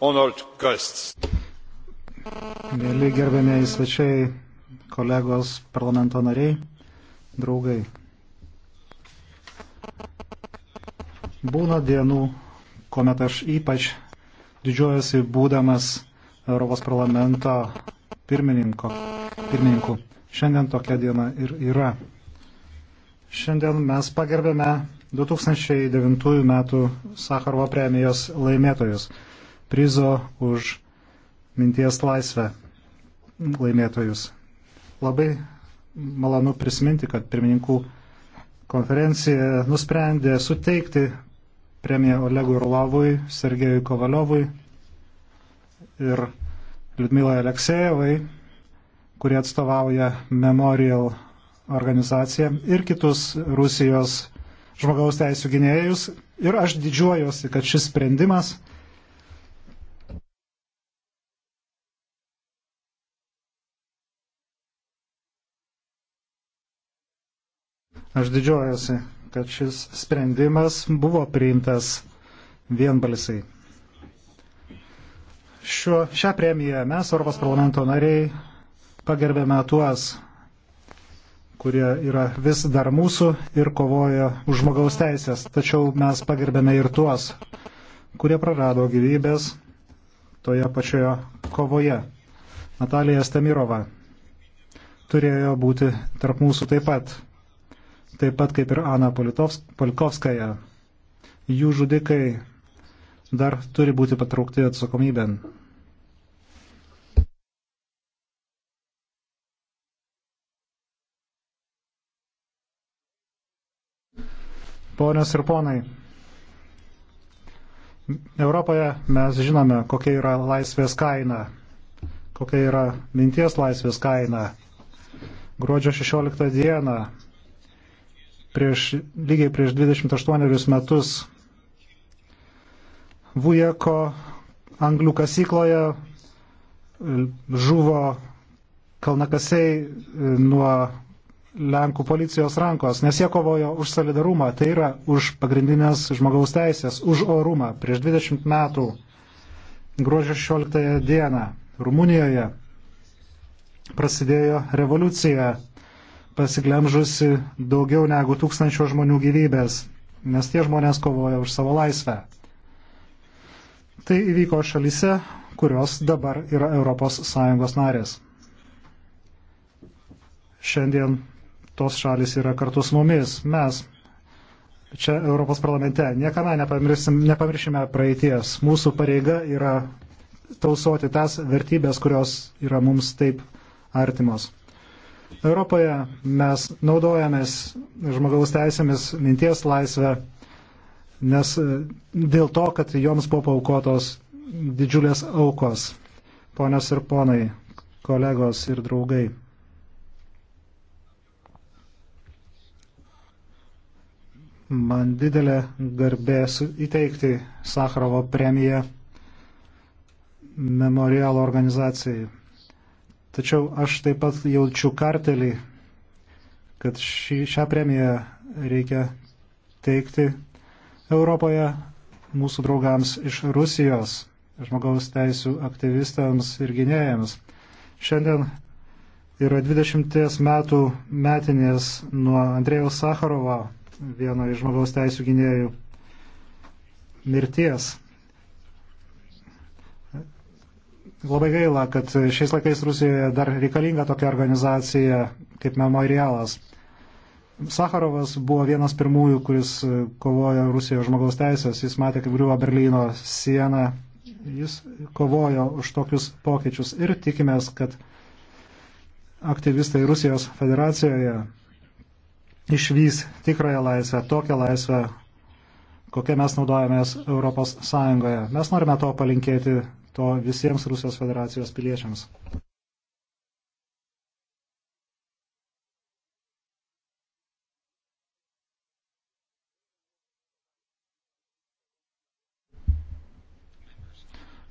honored guests. Mėly gerbėmiai svečiai, kolegos parlamento nariai, draugai. Būna dienų, kuomet aš ypač didžiuojasi būdamas Europos parlamento pirmininko, pirmininku. Šiandien tokia diena ir yra. Šiandien mes pagerbėme 2009 m. Sakarovo premijos laimėtojus prizo už minties laisvę laimėtojus. Labai malonu prisiminti, kad pirmininkų konferencija nusprendė suteikti premiją Olegui Rulavui, Sergejui Kovaliovui ir Liudmilai Aleksejevai, kurie atstovauja Memorial organizaciją ir kitus Rusijos žmogaus teisų gynėjus. Ir aš didžiuojuosi, kad šis sprendimas Aš didžiuojasi, kad šis sprendimas buvo priimtas vienbalsiai. Šiuo, šią premiją mes, Europos parlamento nariai, pagerbėme tuos, kurie yra vis dar mūsų ir kovoja už žmogaus teisės. Tačiau mes pagerbėme ir tuos, kurie prarado gyvybės toje pačioje kovoje. Natalija Stamirova turėjo būti tarp mūsų taip pat taip pat kaip ir Ana Polkovskaja. Jų žudikai dar turi būti patraukti atsakomybėn. Ponios ir ponai, Europoje mes žinome, kokia yra laisvės kaina, kokia yra minties laisvės kaina. Gruodžio 16 dieną prieš, lygiai prieš 28 metus Vujeko anglių kasykloje žuvo kalnakasiai e, nuo Lenkų policijos rankos, nes jie kovojo už solidarumą, tai yra už pagrindinės žmogaus teisės, už orumą. Prieš 20 metų, gruožio 16 dieną, Rumunijoje prasidėjo revoliucija pasiglemžusi daugiau negu tūkstančio žmonių gyvybės, nes tie žmonės kovoja už savo laisvę. Tai įvyko šalise, kurios dabar yra ES narės. Šiandien tos šalis yra kartu su mumis. Mes čia Europos parlamente niekada nepamiršime praeities. Mūsų pareiga yra tausoti tas vertybės, kurios yra mums taip artimos. Europoje mes naudojamės žmogaus teisėmis, minties laisvę, nes e, dėl to, kad joms buvo paukotos didžiulės aukos, ponios ir ponai, kolegos ir draugai. Man didelė garbė įteikti Sakrovo premiją memorialo organizacijai. Tačiau aš taip pat jaučiu kartelį, kad šį, šią premiją reikia teikti Europoje mūsų draugams iš Rusijos, žmogaus teisų aktyvistams ir gynėjams. Šiandien yra 20 metų metinės nuo Andrėjaus Sakarovo, vieno iš žmogaus teisų gynėjų, mirties. Labai gaila, kad šiais laikais Rusijoje dar reikalinga tokia organizacija kaip memorialas. Sakarovas buvo vienas pirmųjų, kuris kovojo Rusijoje žmogaus teisės, jis matė, kaip griuvo Berlyno siena, jis kovojo už tokius pokyčius ir tikimės, kad aktyvistai Rusijos federacijoje išvys tikrąją laisvę, tokią laisvę, kokią mes naudojamės Europos Sąjungoje. Mes norime to palinkėti to visiems Rusijos federacijos piliečiams.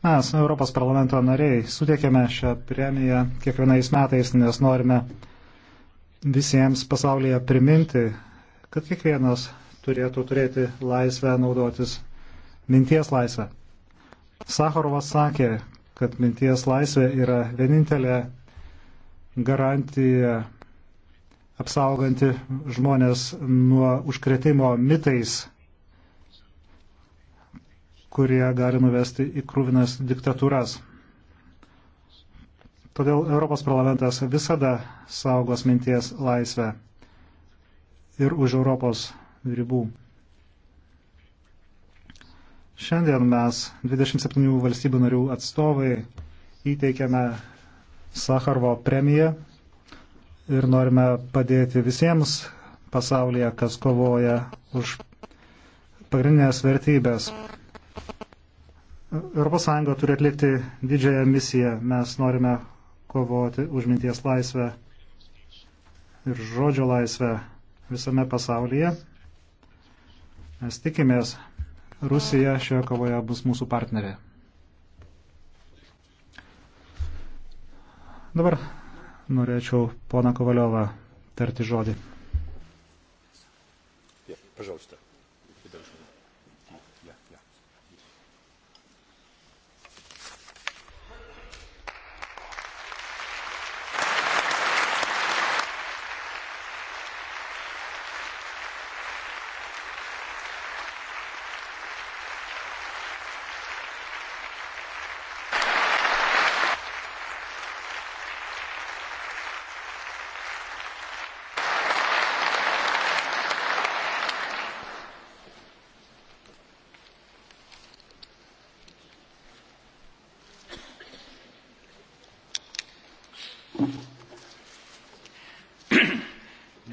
Mes, Europos parlamento nariai, sutiekėme šią premiją kiekvienais metais, nes norime visiems pasaulyje priminti, kad kiekvienas turėtų turėti laisvę naudotis minties laisvę. Sakorovas sakė, kad minties laisvė yra vienintelė garantija apsauganti žmonės nuo užkretimo mitais, kurie gali nuvesti į krūvinas diktatūras. Todėl Europos parlamentas visada saugos minties laisvę ir už Europos ribų. Šiandien mes 27 valstybių narių atstovai įteikėme Sakarvo premiją ir norime padėti visiems pasaulyje, kas kovoja už pagrindinės vertybės. ES turi atlikti didžiąją misiją. Mes norime kovoti už minties laisvę ir žodžio laisvę visame pasaulyje. Mes tikimės, Rusija šioje kovoje bus mūsų partnerė. Dabar norėčiau poną Kovaliovą tarti žodį. Ja, pažalsta.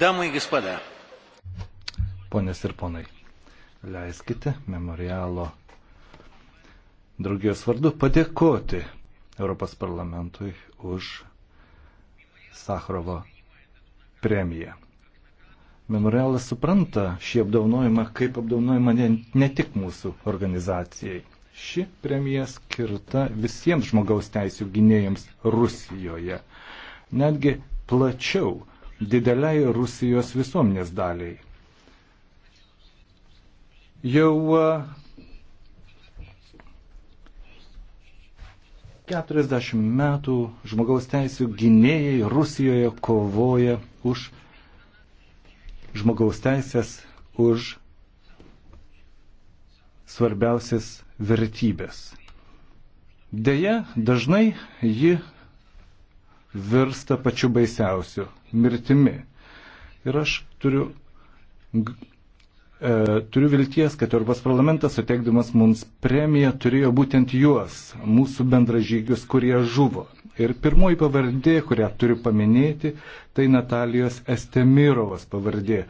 Damai ir gospoda. Ponės ir ponai, leiskite memorialo draugijos vardu padėkoti Europos parlamentui už Sakrovo premiją. Memorialas supranta šį apdaunojimą kaip apdaunojimą ne, ne tik mūsų organizacijai. Ši premija skirta visiems žmogaus teisų gynėjams Rusijoje. Netgi plačiau dideliai Rusijos visuomenės daliai. Jau 40 e, metų žmogaus teisų gynėjai Rusijoje kovoja už žmogaus teisės, už svarbiausias vertybės. Deja, dažnai ji virsta pačiu baisiausiu mirtimi. Ir aš turiu, e, turiu vilties, kad Europos parlamentas suteikdamas mums premiją turėjo būtent juos, mūsų bendražygius, kurie žuvo. Ir pirmoji pavardė, kurią turiu paminėti, tai Natalijos Estemirovas pavardė.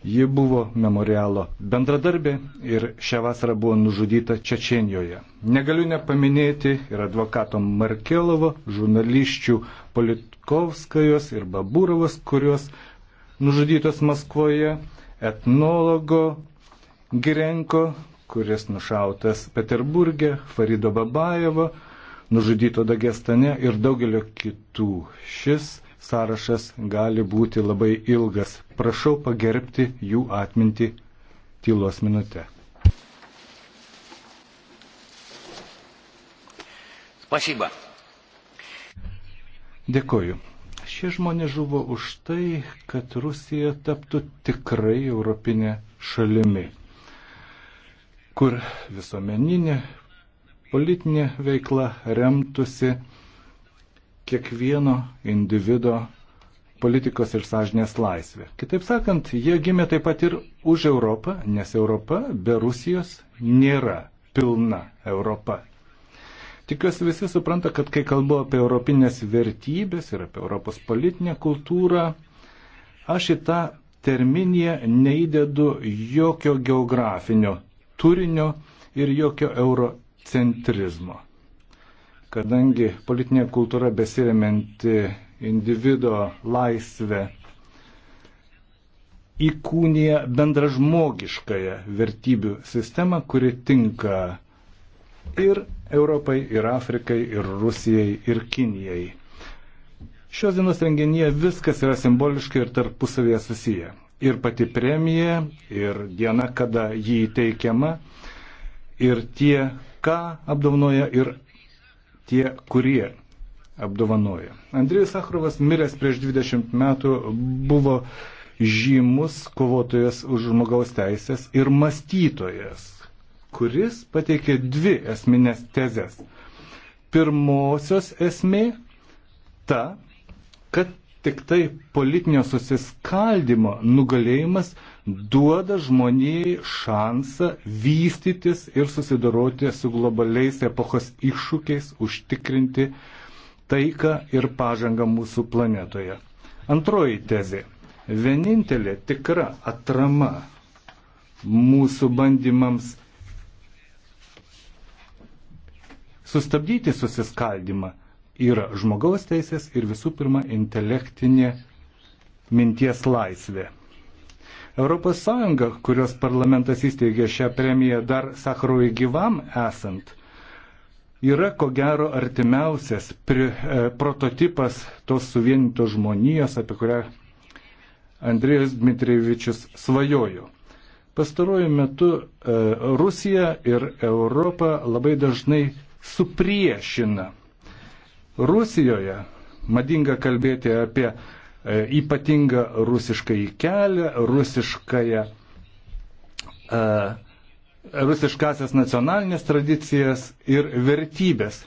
Ji buvo memorialo bendradarbė ir šią vasarą buvo nužudyta Čečenijoje. Negaliu nepaminėti ir advokato Markelovo, žurnališčių, polit, Politkovskajos ir Babūrovas, kurios nužudytos Maskvoje, etnologo Girenko, kuris nušautas Peterburgė, Farido Babajevo, nužudyto Dagestane ir daugelio kitų. Šis sąrašas gali būti labai ilgas. Prašau pagerbti jų atmintį tylos minutę. Спасибо. Dėkoju. Šie žmonės žuvo už tai, kad Rusija taptų tikrai europinė šalimi, kur visuomeninė, politinė veikla remtųsi kiekvieno individo politikos ir sąžinės laisvė. Kitaip sakant, jie gimė taip pat ir už Europą, nes Europa be Rusijos nėra pilna Europa. Tikiuosi visi supranta, kad kai kalbu apie europinės vertybės ir apie Europos politinę kultūrą, aš į tą terminiją neįdedu jokio geografinio turinio ir jokio eurocentrizmo. Kadangi politinė kultūra besiremianti individo laisvę įkūnija bendražmogiškąją vertybių sistemą, kuri tinka ir Europai, ir Afrikai, ir Rusijai, ir Kinijai. Šios dienos renginyje viskas yra simboliškai ir tarpusavėje susiję. Ir pati premija, ir diena, kada jį teikiama, ir tie, ką apdovanoja, ir tie, kurie apdovanoja. Andrėjus Sakrovas miręs prieš 20 metų buvo žymus kovotojas už žmogaus teisės ir mąstytojas kuris pateikė dvi esminės tezes. Pirmosios esmė ta, kad tik tai politinio susiskaldimo nugalėjimas duoda žmonijai šansą vystytis ir susidoroti su globaliais epochos iššūkiais, užtikrinti taiką ir pažangą mūsų planetoje. Antroji tezė. Vienintelė tikra atrama mūsų bandymams sustabdyti susiskaldimą yra žmogaus teisės ir visų pirma intelektinė minties laisvė. ES, kurios parlamentas įsteigė šią premiją dar Sakarovai gyvam esant, yra ko gero artimiausias pri, e, prototipas tos suvienytos žmonijos, apie kurią Andrėjus Dmitrievičius svajojo. Pastaruoju metu e, Rusija ir Europa labai dažnai supriešina. Rusijoje madinga kalbėti apie e, ypatingą rusiškąjį kelią, rusiškąją, uh, rusiškasias nacionalinės tradicijas ir vertybės.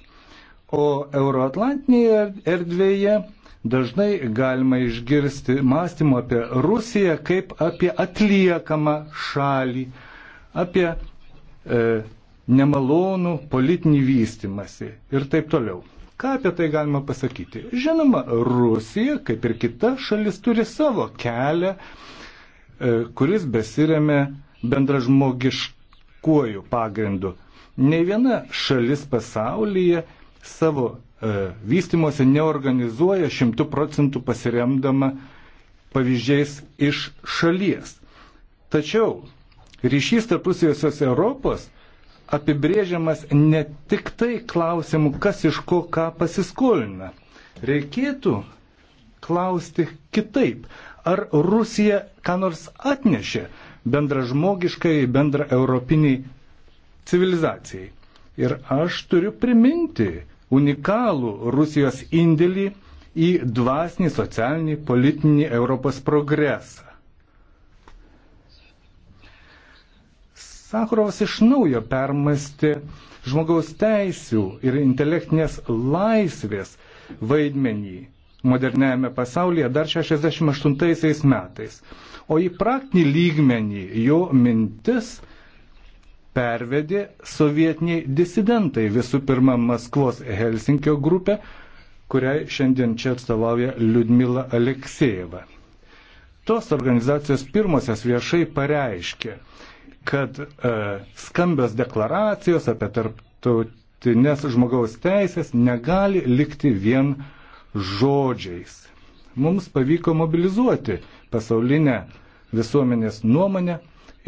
O euroatlantinėje erdvėje dažnai galima išgirsti mąstymą apie Rusiją kaip apie atliekamą šalį, apie e, uh, nemalonų politinį vystimasi ir taip toliau. Ką apie tai galima pasakyti? Žinoma, Rusija, kaip ir kita šalis, turi savo kelią, e, kuris besiriame bendražmogiškuoju pagrindu. Ne viena šalis pasaulyje savo e, vystimuose neorganizuoja šimtų procentų pasiremdama pavyzdžiais iš šalies. Tačiau ryšys tarp Rusijos ir Europos apibrėžiamas ne tik tai klausimu, kas iš ko ką pasiskolina. Reikėtų klausti kitaip, ar Rusija ką nors atnešė bendražmogiškai, bendra europiniai civilizacijai. Ir aš turiu priminti unikalų Rusijos indėlį į dvasinį, socialinį, politinį Europos progresą. Sakarovas iš naujo permasti žmogaus teisių ir intelektinės laisvės vaidmenį moderniajame pasaulyje dar 68 metais. O į praktinį lygmenį jo mintis pervedė sovietiniai disidentai, visų pirma Maskvos Helsinkio grupė, kuriai šiandien čia atstovauja Liudmila Aleksejeva. Tos organizacijos pirmosios viešai pareiškė, kad e, skambios deklaracijos apie tarptautinės žmogaus teisės negali likti vien žodžiais. Mums pavyko mobilizuoti pasaulinę visuomenės nuomonę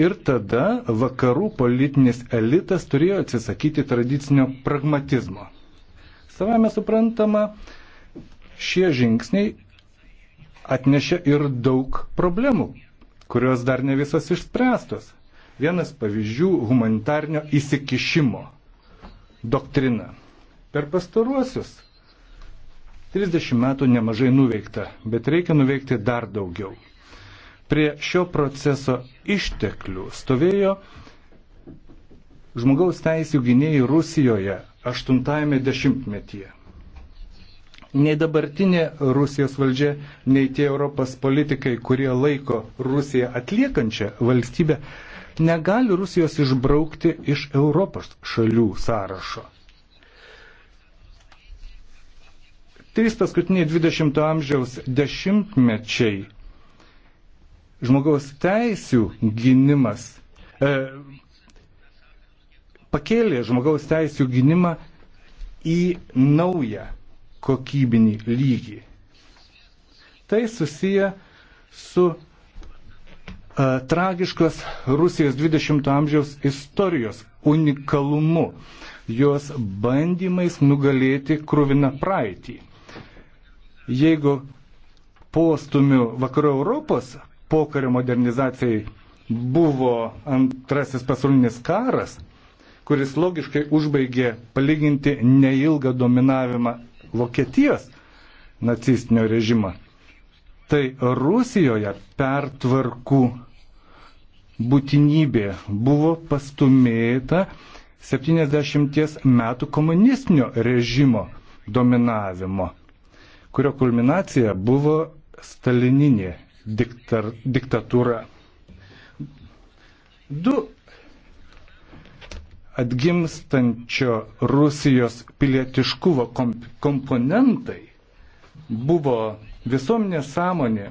ir tada vakarų politinis elitas turėjo atsisakyti tradicinio pragmatizmo. Savame suprantama, šie žingsniai atnešė ir daug problemų, kurios dar ne visos išspręstos vienas pavyzdžių humanitarnio įsikišimo doktrina. Per pastaruosius 30 metų nemažai nuveikta, bet reikia nuveikti dar daugiau. Prie šio proceso išteklių stovėjo žmogaus teisų gynėjai Rusijoje 80-ame dešimtmetyje. Nei dabartinė Rusijos valdžia, nei tie Europos politikai, kurie laiko Rusiją atliekančią valstybę, negali Rusijos išbraukti iš Europos šalių sąrašo. Trys paskutiniai 20-ojo amžiaus dešimtmečiai žmogaus teisių gynimas e, pakėlė žmogaus teisių gynimą į naują kokybinį lygį. Tai susiję su E, tragiškos Rusijos 20-ojo amžiaus istorijos unikalumu, jos bandymais nugalėti krūviną praeitį. Jeigu postumiu vakarų Europos pokario modernizacijai buvo antrasis pasaulinis karas, kuris logiškai užbaigė palyginti neilgą dominavimą Vokietijos nacistinio režimą Tai Rusijoje pertvarkų būtinybė buvo pastumėta 70 metų komunistinio režimo dominavimo, kurio kulminacija buvo stalininė diktar, diktatūra. Du atgimstančio Rusijos pilietiškumo komponentai buvo Visuomenė sąmonė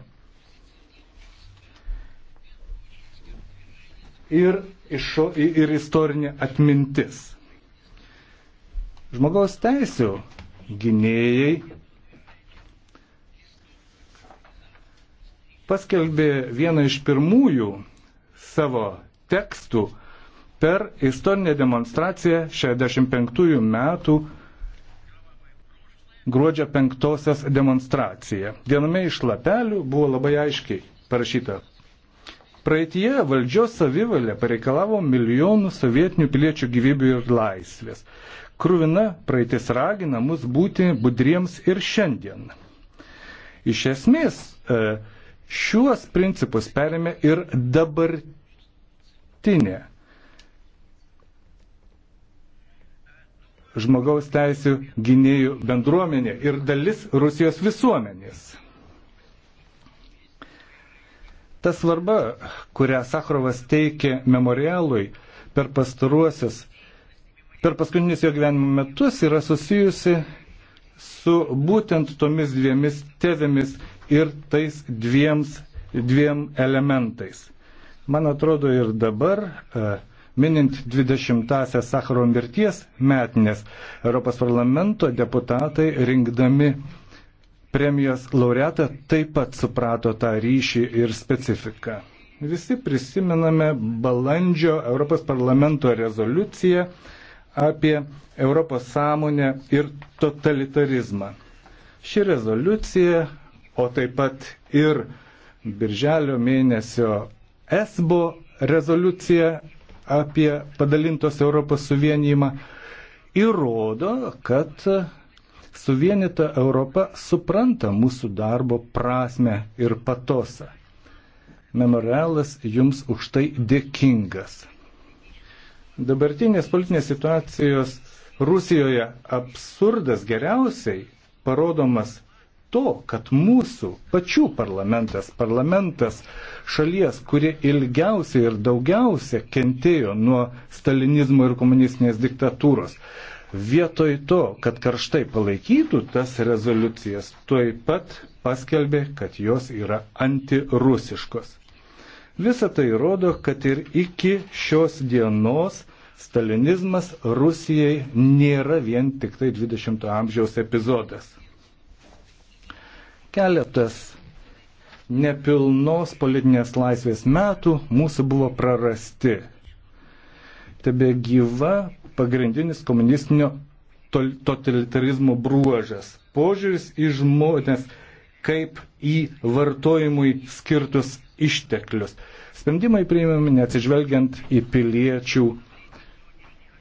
ir, išo, ir istorinė atmintis. Žmogaus teisų gynėjai paskelbė vieną iš pirmųjų savo tekstų per istorinę demonstraciją 65 metų gruodžio penktosios demonstraciją. Viename iš lapelių buvo labai aiškiai parašyta. Praeitie valdžios savivalė pareikalavo milijonų sovietinių piliečių gyvybių ir laisvės. Krūvina praeitis ragina mus būti budriems ir šiandien. Iš esmės, e, šiuos principus perėmė ir dabartinė žmogaus teisų gynėjų bendruomenė ir dalis Rusijos visuomenės. Ta svarba, kurią Sakrovas teikė memorialui per pastaruosius, per paskutinius jo gyvenimo metus, yra susijusi su būtent tomis dviemis tezėmis ir tais dviems, dviem elementais. Man atrodo ir dabar uh, Minint 20-asias Sakaro mirties metinės, Europos parlamento deputatai rinkdami premijos laureatą taip pat suprato tą ryšį ir specifiką. Visi prisimename balandžio Europos parlamento rezoliuciją apie Europos sąmonę ir totalitarizmą. Ši rezoliucija, o taip pat ir birželio mėnesio ESBO rezoliucija apie padalintos Europos suvienijimą, įrodo, kad suvienita Europa supranta mūsų darbo prasme ir patosą. Memorialas jums už tai dėkingas. Dabartinės politinės situacijos Rusijoje absurdas geriausiai parodomas to, kad mūsų pačių parlamentas, parlamentas šalies, kuri ilgiausiai ir daugiausia kentėjo nuo stalinizmo ir komunistinės diktatūros, vietoj to, kad karštai palaikytų tas rezoliucijas, tuoj pat paskelbė, kad jos yra antirusiškos. Visa tai rodo, kad ir iki šios dienos stalinizmas Rusijai nėra vien tik tai 20-ojo amžiaus epizodas. Keletas nepilnos politinės laisvės metų mūsų buvo prarasti. Tebe gyva pagrindinis komunistinio totalitarizmo bruožas - požiūris į žmonės kaip į vartojimui skirtus išteklius. Sprendimai priimami neatsižvelgiant į piliečių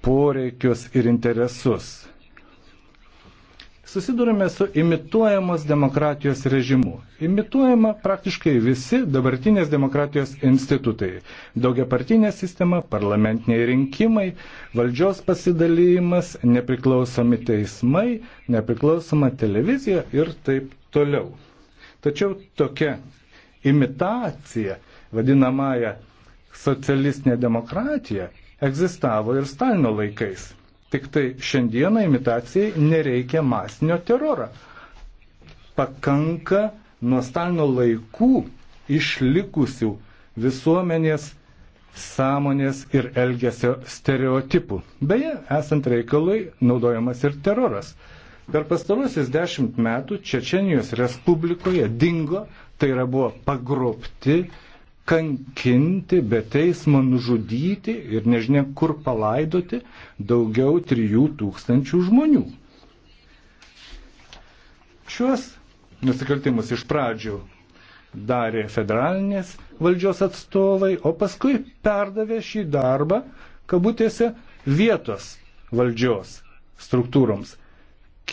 poreikius ir interesus susidurime su imituojamos demokratijos režimu. Imituojama praktiškai visi dabartinės demokratijos institutai. Daugiapartinė sistema, parlamentiniai rinkimai, valdžios pasidalymas, nepriklausomi teismai, nepriklausoma televizija ir taip toliau. Tačiau tokia imitacija, vadinamąją socialistinę demokratiją, egzistavo ir Stalino laikais. Tik tai šiandieną imitacijai nereikia masinio terorą. Pakanka nuo Stalino laikų išlikusių visuomenės sąmonės ir elgesio stereotipų. Beje, esant reikalui, naudojamas ir teroras. Per pastarosius dešimt metų Čečenijos Respublikoje dingo, tai yra buvo pagrobti kankinti, be teismo nužudyti ir nežinia kur palaidoti daugiau 3000 žmonių. Šiuos nusikaltimus iš pradžių darė federalinės valdžios atstovai, o paskui perdavė šį darbą, kabutėse, vietos valdžios struktūroms.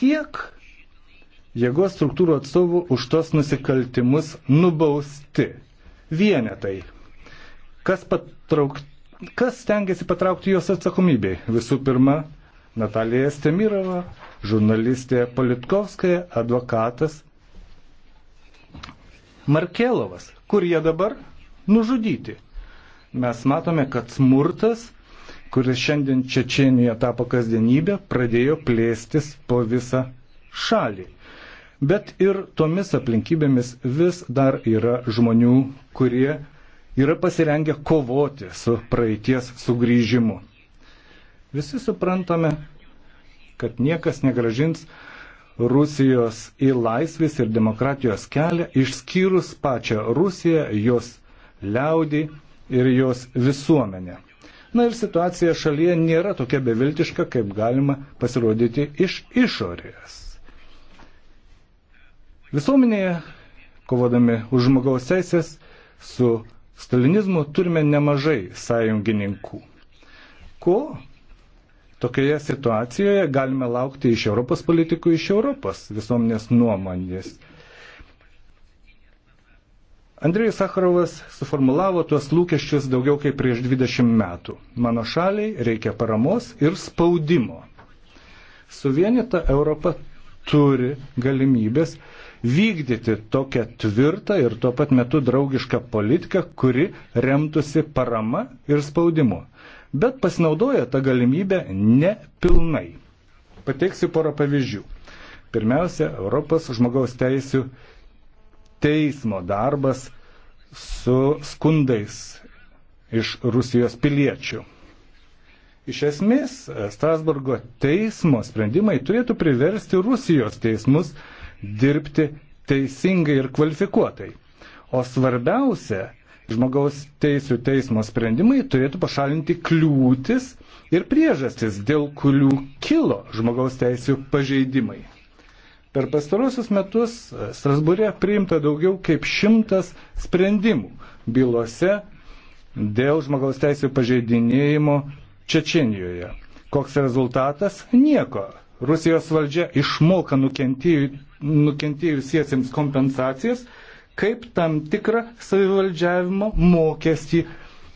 Kiek jėgos struktūrų atstovų už tos nusikaltimus nubausti? vienetai. Kas, patrauk, kas tengiasi patraukti jos atsakomybei? Visų pirma, Natalija Stemirova, žurnalistė Politkovskaja, advokatas Markelovas, kur jie dabar nužudyti. Mes matome, kad smurtas, kuris šiandien Čečienija tapo kasdienybė, pradėjo plėstis po visą šalį bet ir tomis aplinkybėmis vis dar yra žmonių, kurie yra pasirengę kovoti su praeities sugrįžimu. Visi suprantame, kad niekas negražins Rusijos į laisvės ir demokratijos kelią, išskyrus pačią Rusiją, jos liaudį ir jos visuomenę. Na ir situacija šalyje nėra tokia beviltiška, kaip galima pasirodyti iš išorės. Visuomenėje, kovodami už žmogaus teisės, su stalinizmu turime nemažai sąjungininkų. Ko tokioje situacijoje galime laukti iš Europos politikų, iš Europos visuomenės nuomonės? Andrėjus Sakarovas suformulavo tuos lūkesčius daugiau kaip prieš 20 metų. Mano šaliai reikia paramos ir spaudimo. Suvienita Europa turi galimybės vykdyti tokią tvirtą ir tuo pat metu draugišką politiką, kuri remtųsi parama ir spaudimu. Bet pasinaudoja tą galimybę nepilnai. Pateiksiu porą pavyzdžių. Pirmiausia, Europos žmogaus teisų teismo darbas su skundais iš Rusijos piliečių. Iš esmės, Strasburgo teismo sprendimai turėtų priversti Rusijos teismus dirbti teisingai ir kvalifikuotai. O svarbiausia, žmogaus teisų teismo sprendimai turėtų pašalinti kliūtis ir priežastis, dėl kurių kilo žmogaus teisų pažeidimai. Per pastarosius metus e, Strasbūrė priimta daugiau kaip šimtas sprendimų bylose dėl žmogaus teisų pažeidinėjimo Čečenijoje. Koks rezultatas? Nieko. Rusijos valdžia išmoka nukentėjusių nukentėjusiesiems kompensacijas kaip tam tikrą savivaldžiavimo mokestį,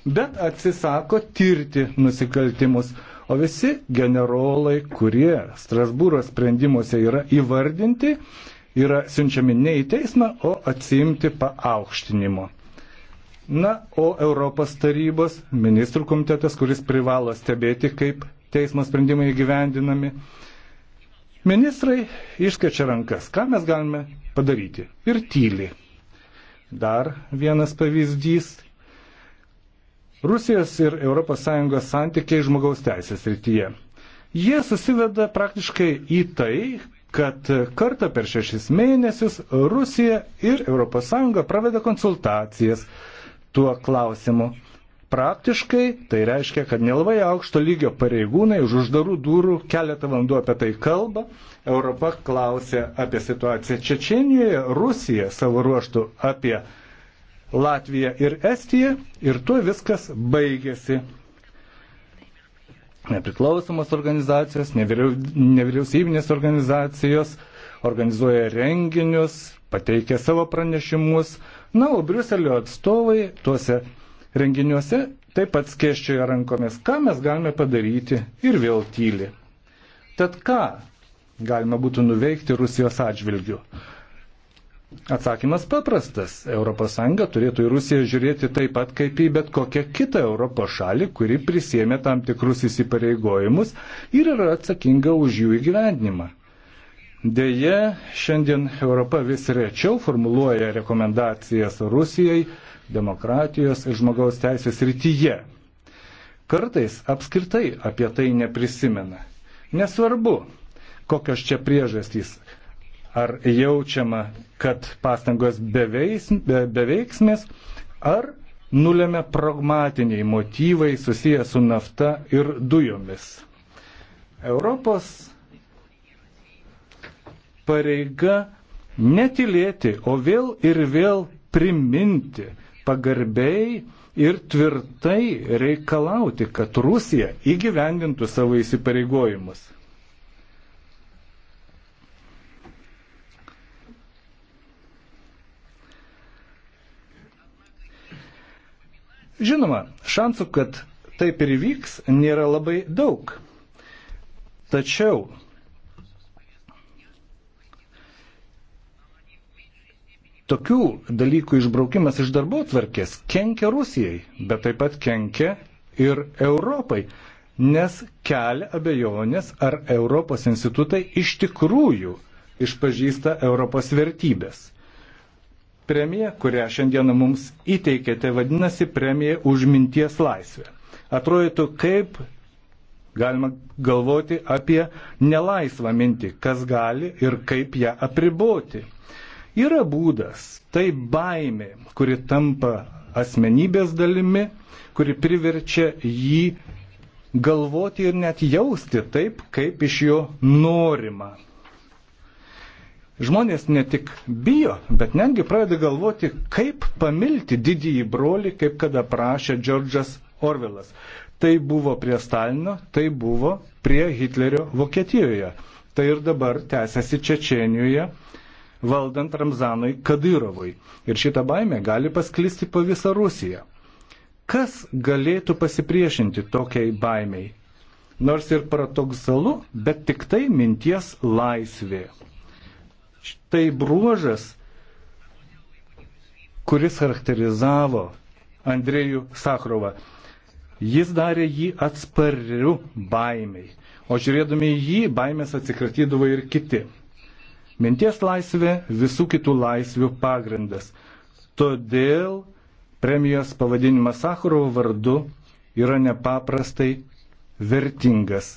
bet atsisako tirti nusikaltimus. O visi generolai, kurie Strasbūro sprendimuose yra įvardinti, yra siunčiami ne į teismą, o atsiimti paaukštinimo. Na, o Europos tarybos ministrų komitetas, kuris privalo stebėti, kaip teismo sprendimai įgyvendinami, Ministrai išskečia rankas, ką mes galime padaryti. Ir tyli. Dar vienas pavyzdys. Rusijos ir ES santykiai žmogaus teisės rytyje. Jie susiveda praktiškai į tai, kad kartą per šešis mėnesius Rusija ir ES praveda konsultacijas tuo klausimu. Praktiškai tai reiškia, kad nelabai aukšto lygio pareigūnai už uždarų durų keletą valandų apie tai kalba. Europa klausia apie situaciją Čečenijoje, Rusija savo ruoštų apie Latviją ir Estiją ir tuo viskas baigėsi. Nepriklausomos organizacijos, nevyriausybinės organizacijos organizuoja renginius, pateikia savo pranešimus. Na, o Briuselio atstovai tuose renginiuose, taip pat skėščioja rankomis, ką mes galime padaryti ir vėl tyli. Tad ką galima būtų nuveikti Rusijos atžvilgiu? Atsakymas paprastas. ES turėtų į Rusiją žiūrėti taip pat kaip į bet kokią kitą Europos šalį, kuri prisėmė tam tikrus įsipareigojimus ir yra atsakinga už jų įgyvendinimą. Deja, šiandien Europa vis rečiau formuluoja rekomendacijas Rusijai demokratijos ir žmogaus teisės rytyje. Kartais apskritai apie tai neprisimena. Nesvarbu, kokios čia priežastys. Ar jaučiama, kad pastangos beveis, be, beveiksmės, ar nulėmė pragmatiniai motyvai susiję su nafta ir dujomis. Europos pareiga netilėti, o vėl ir vėl priminti, pagarbiai ir tvirtai reikalauti, kad Rusija įgyvendintų savo įsipareigojimus. Žinoma, šansų, kad taip ir įvyks, nėra labai daug. Tačiau Tokių dalykų išbraukimas iš darbo tvarkės kenkia Rusijai, bet taip pat kenkia ir Europai, nes kelia abejonės, ar Europos institutai iš tikrųjų išpažįsta Europos vertybės. Premija, kurią šiandieną mums įteikėte, vadinasi premija už minties laisvę. Atrodytų, kaip galima galvoti apie nelaisvą mintį, kas gali ir kaip ją apriboti. Yra būdas, tai baimė, kuri tampa asmenybės dalimi, kuri priverčia jį galvoti ir net jausti taip, kaip iš jo norima. Žmonės ne tik bijo, bet netgi pradeda galvoti, kaip pamilti didįjį brolį, kaip kada prašė Džordžas Orvelas. Tai buvo prie Stalino, tai buvo prie Hitlerio Vokietijoje. Tai ir dabar tęsiasi Čečienijoje, valdant Ramzanui Kadyrovui. Ir šita baime gali pasklisti po visą Rusiją. Kas galėtų pasipriešinti tokiai baimiai? Nors ir paradoksalu, bet tik tai minties laisvė. Štai bruožas, kuris charakterizavo Andrėjų Sakrovą. Jis darė jį atspariu baimiai, o žiūrėdami jį baimės atsikratydavo ir kiti. Minties laisvė visų kitų laisvių pagrindas. Todėl premijos pavadinimas Sakharovo vardu yra nepaprastai vertingas.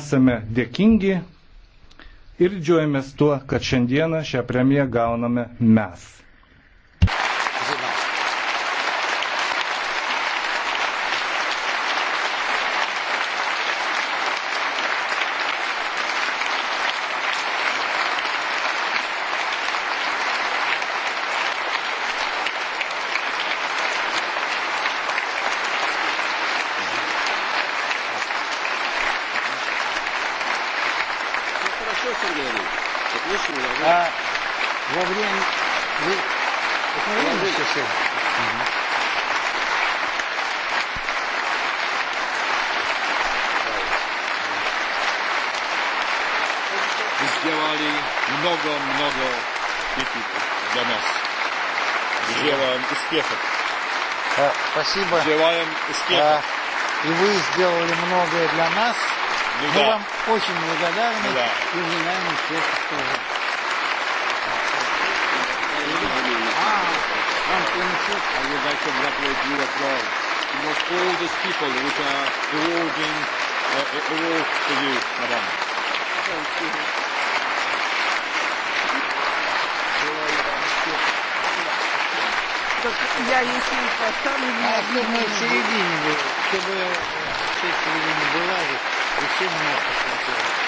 Esame dėkingi ir džiuojamės tuo, kad šiandieną šią premiją gauname mes. успехов. И вы сделали многое для нас. Ну, Мы да. вам очень благодарны да. и желаем успехов тоже. I would like to congratulate you as well. You was all these э, people э, which are awarding uh, awards to you, madam. Thank you. Так я если поставлю... А одна середине, чтобы все середине была, и всем нас посмотрели.